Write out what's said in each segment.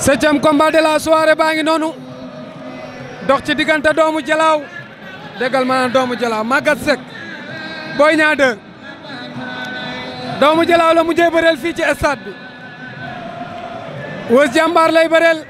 septième combat de la soirée baa ngi noonu dox ci diggante doomu jalaaw déggal ma naan doomu jalaaw Maguette Seck Boy Niang 2 doomu jalaaw la mujjee bëreel fii ci stade bi Weuz jàmbaar lay bëreel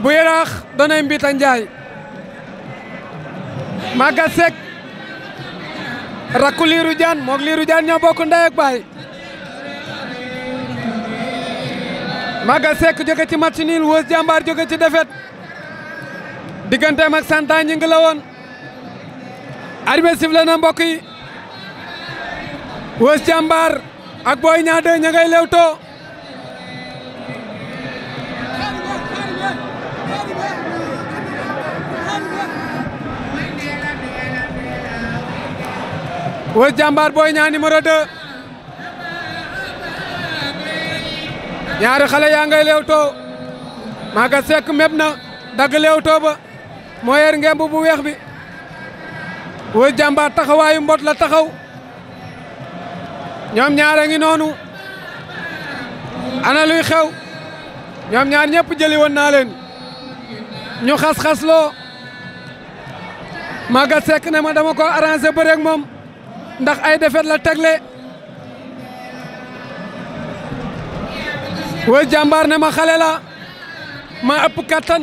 bu yaraax donay Mbita Njaay Maguette Seck rakku Lirou Diane moog Lirou Diane ñoo bokk ndey baay Maga Seck ci match nul Weuz Diambar jóge ci défaite digganteem ak Santa ñi ngi la woon arbitre yi Weuz Diambar ak Boy Niang 2 ña ngay lewtoo Weuz Diambar Boy Niang numéro 2 ñaari xale yaa ngay leewtoo Maguette Seck meb na dagg leewtoo ba moo yer ngemb bu weex bi Weuz Diambar taxawaayu mbot la taxaw ñoom ñaar a ngi noonu ana luy xew ñoom ñaar ñëpp jëli woon naa leen ñu xas-xas loo Maguette Seck ne ma dama ko arrangé bëreeg moom ndax ay defet la le woy jàmbaar ne ma xale la ma ëpp kattan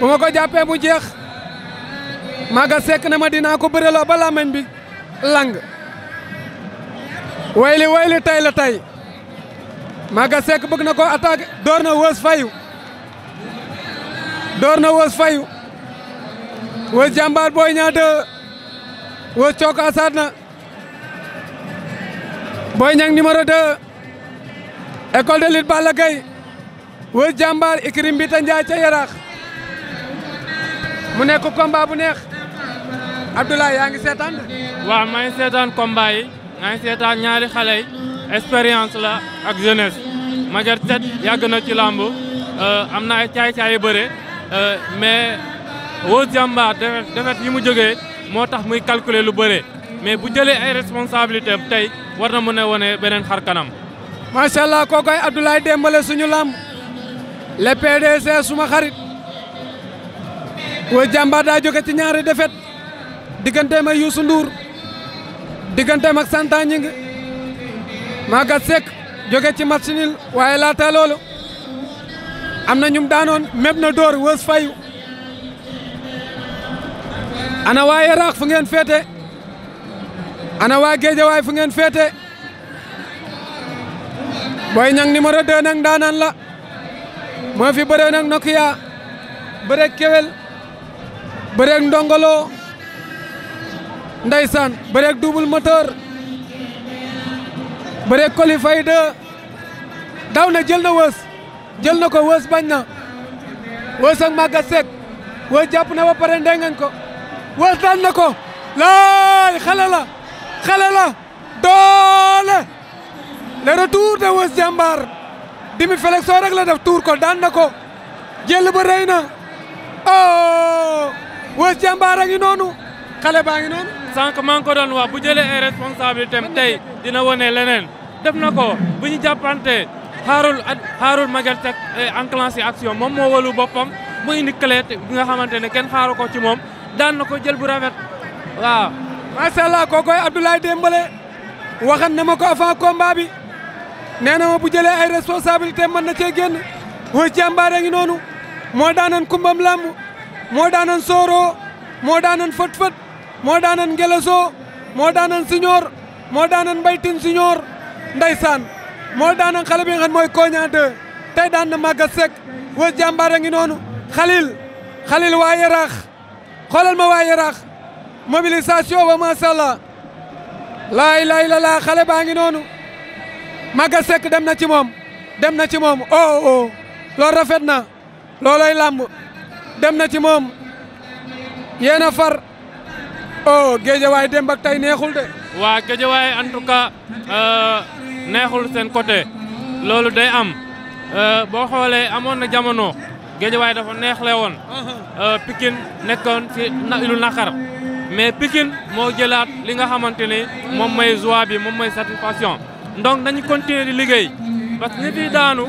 bu ma ko jàppee mu jeex maaga sekk ne ma dinaa ko bëreloo ba làmmiñ bi lang wayli wayli tay la tay maaga sekk bëgg na ko attaque door na wës fayu door na wës fayu wës jàmbaar booy ñaa de wës cookaasaat na booy ñang numéro 2 école de lutte Balla wër jàmbaar ikrim bi ta Njaay ca Yaraax mu nekk combat bu neex Abdoulaye yaa ngi seetaan waaw maa ngi seetaan combat yi seetaan ñaari xale yi la ak jeunesse Maguette Sène yàgg na ci làmb euh, am na ay caay-caay yu bëre euh, mais wër jàmbaar defet yi mu jógee moo tax muy calculer lu bëre mais bu jëlee ay responsabilité tey war na mën a wane beneen xar macha allah kookoy Abdoulaye Dembélé suñu lamb le PDC suma xarit wa jàmbaar daa jóge ci ñaari defet digganteem ak Youssou Ndour digganteem ak Santa Ñing Maguette ci match waaye laata loolu am na ñum daanoon méb na door wës fayu ana waa Yaraax fu ngeen féete ana waa Géejawaay fu ngeen féete Boy Niang numéro 2 nag ndaanaan la moo fi bëree nag Nokia bëree Kewel bëree Ndongolo ndeysaan bëree double moteur bëree qualifié daw na jël na wës jël na ko wës bañ na wës ak Maga Seck jàpp na ba pare ndengeñ ko wës daan na ko laay xale la doole le retour de Weuz Diambar dimi flexion rek la def tuur ko daan na ko jël ba rëy na oh Weuz Diambar a ngi noonu baa ngi noonu. sànq maa ngi ko doon wax bu jëlee ay responsabilité am tey dina wane leneen def na ko bu ñu jàppante xaarul at xaarul Maguette ak eh, moom moo walu boppam mu indi clé bi nga xamante ne kenn xaaru ko ci moom daan na ko jël bu rafet waaw. macha allah kookoy Abdoulaye Dembélé waxan na ma ko avant combat bi. nee na ma bu jëlee ay responsabilité mën na cee génn mooy jàmbaare ngi noonu moo daanan kumbam làmb moo daanan sooroo moo daanan fët-fët moo daanan ngelesoo moo daanan siñoor moo daanan mbaytin siñoor ndaysaan moo daanan xale bi nga xam mooy tey daan na màgga sek wës ngi noonu xalil xalil waa yaraax xoolal ma waa yaraax mobilisation ba macha allah laay laay la laa xale baa noonu Maguette Seck dem na ci moom dem na ci moom oh oh rafet na looloy làmb dem na ci moom yéen a far oh géejawaay dem ak tey neexul de. waa géejawaay en tout cas euh, neexul seen côté loolu day am euh, boo xoolee amoon na jamono géejawaay dafa neexle woon euh, Pikine nekkoon ci lu naqar mais Pikine moo jëlaat li nga xamante ni moom mooy joie bi moom mooy satisfaction. donc nañu continuer di liggéey parce que ñi fiy daanu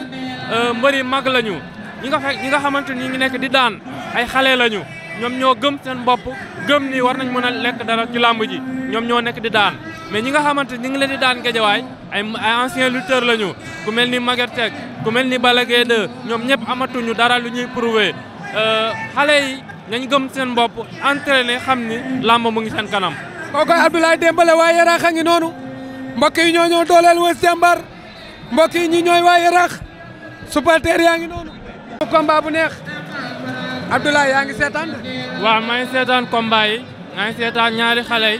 euh, mbëri mag lañu ñi nga fekk ñi nga xamante ni ñu ngi nekk di daan ay xale lañu ñoom ñoo gëm seen bopp gëm ni war nañ mën a lekk dara ci làmb ji ñoom ñoo nekk di daan mais ñi nga xamante ni ñu ngi leen di daan géejawaay ay ay ancien lutteur lañu ku mel ni Maguette Teg ku mel ni balagee Gaye ñoom ñëpp amatuñu dara lu ñuy prouver euh, xale yi nañ gëm seen mbopp bopp entraîné xam ni làmb mu ngi seen kanam. kooku Abdoulaye Dembélé waaye mbokk yi ñoo ñoo dooleel Weuz Jàmbaar mbokk yi ñi ñooy waa Yarax supporter yaa ngi noonu. combat bu neex Abdoulaye yaa ngi seetaan de. waaw maa seetaan combat yi seetaan ñaari xale yi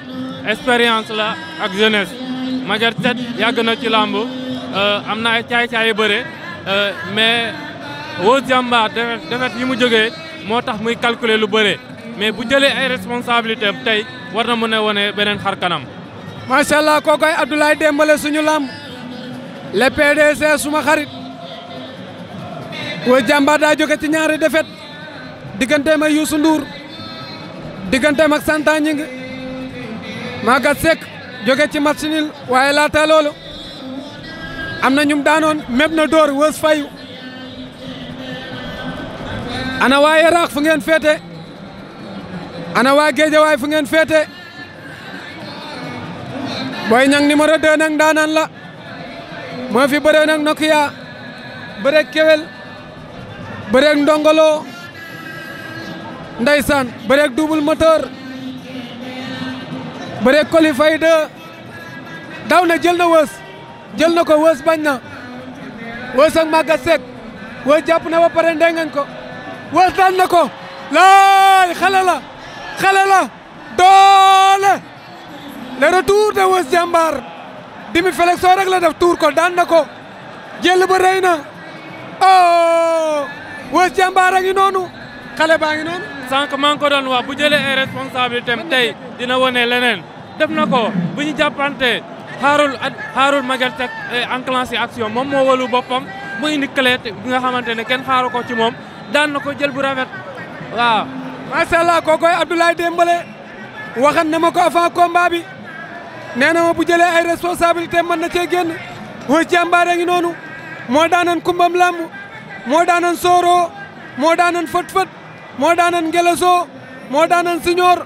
expérience la ak jeunesse Madior Tête yàgg na ci làmb euh, am na ay caay-caay yu bëre euh, mais Weuz Jàmbaar defet defet yi mu jóge moo tax muy calculer lu bëre mais bu jëlee ay responsabilités tey war na mën a wane beneen xar kanam. macha allah kooku dembale suñu lamb le PDC suma xarit wa jàmbaar daa jóge ci ñaari defet digganteem ak Youssou Ndour digganteem ak Santa Ñing Magat ci match waaye laata loolu am na ñum daanoon méb na dóor wës fayu ana waa Yaraax fu ngeen féete ana waa Géejawaay fu ngeen féete Boy Niang numéro 2 nag ndaanaan la moo fi bëree nag Nokia bëree Kewel bëree Ndongolo ndeysaan bëree double moteur bëree daw na jël na wës jël na ko wës bañ na wës ak Maga Seck jàpp na ba pare ndengeñ ko wës daan na ko laay xale la doole le retour de Weuz Diambar dimi flexion rek la def tuur ko daan na ko jël ba rëy na oh Weuz Diambar a ngi noonu baa ngi noonu. sànq maa ngi ko doon wax bu jëlee ay responsabilité am tey dina wone leneen def na ko bu ñu jàppante xaarul at xaarul magal teg eh, moom moo walu boppam mu indi clé bi nga xamante ne kenn xaaru ko ci moom daan na ko jël bu rafet waaw. macha allah kookoy Abdoulaye Dembélé waxan na ma ko avant combat nee na ma bu jëlee ay responsabilité mën na cee génn mooy jàmbaare ngi noonu moo daanan kumbam làmb moo daanan sooroo moo daanan fët-fët moo daanan ngelasoo moo daanan siñoor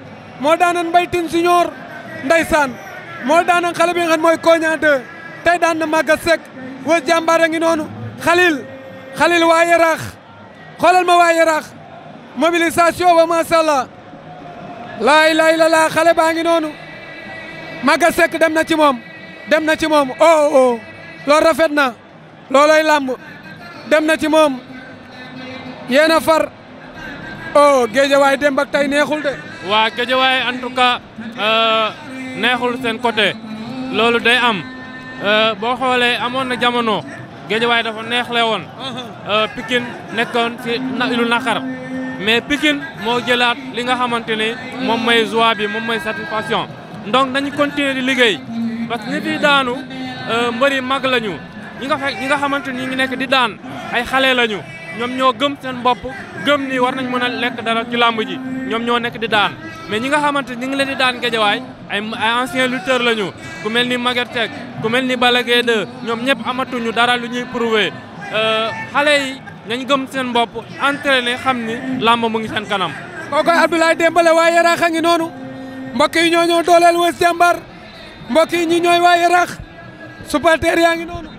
moo daanan mbaytin siñoor ndaysaan moo daanan xale bi nga xam mooy tey daan na màgga sek wës ngi noonu xalil xalil waa yaraax xoolal ma waa yaraax mobilisation ba macha allah laay laay la laa xale baa noonu Maguette Seck dem na ci moom dem na ci moom oh oh rafet na looloy làmb dem na ci moom yéen a far oh géejawaay démb ak tey neexul de. waa géejawaay en tout cas euh, neexul seen côté loolu day am euh, boo xoolee amoon na jamono géejawaay dafa neexle woon euh, Pikine nekkoon ci lu naqar mais Pikine moo jëlaat li nga xamante ni moom mooy joie bi moom mooy satisfaction. donc nañu continuer di liggéey parce que ñi fiy daanu euh, mbëri mag lañu ñi nga ñi nga xamante ni ñu ngi nekk di daan ay xale lañu ñoom ñoo gëm seen bopp gëm ni war nañ mën a lekk dara ci làmb ji ñoom ñoo nekk di daan mais ñi nga xamante ni ñu ngi leen di daan géejawaay ay ay anciens lutteurs lañu ku mel ni Maguette Teg ku mel ni balagee Gaye ñoom ñëpp amatuñu dara lu ñuy prouver euh, xale yi nañ gëm seen mbopp bopp entraîné xam ni làmb mu ngi seen kanam. kooku Abdoulaye Dembélé waaye mbokk yi ñoo ñoo dooleel Weuz Jambar mbokk yi ñi ñooy waa Yarax supporter yaa ngi noonu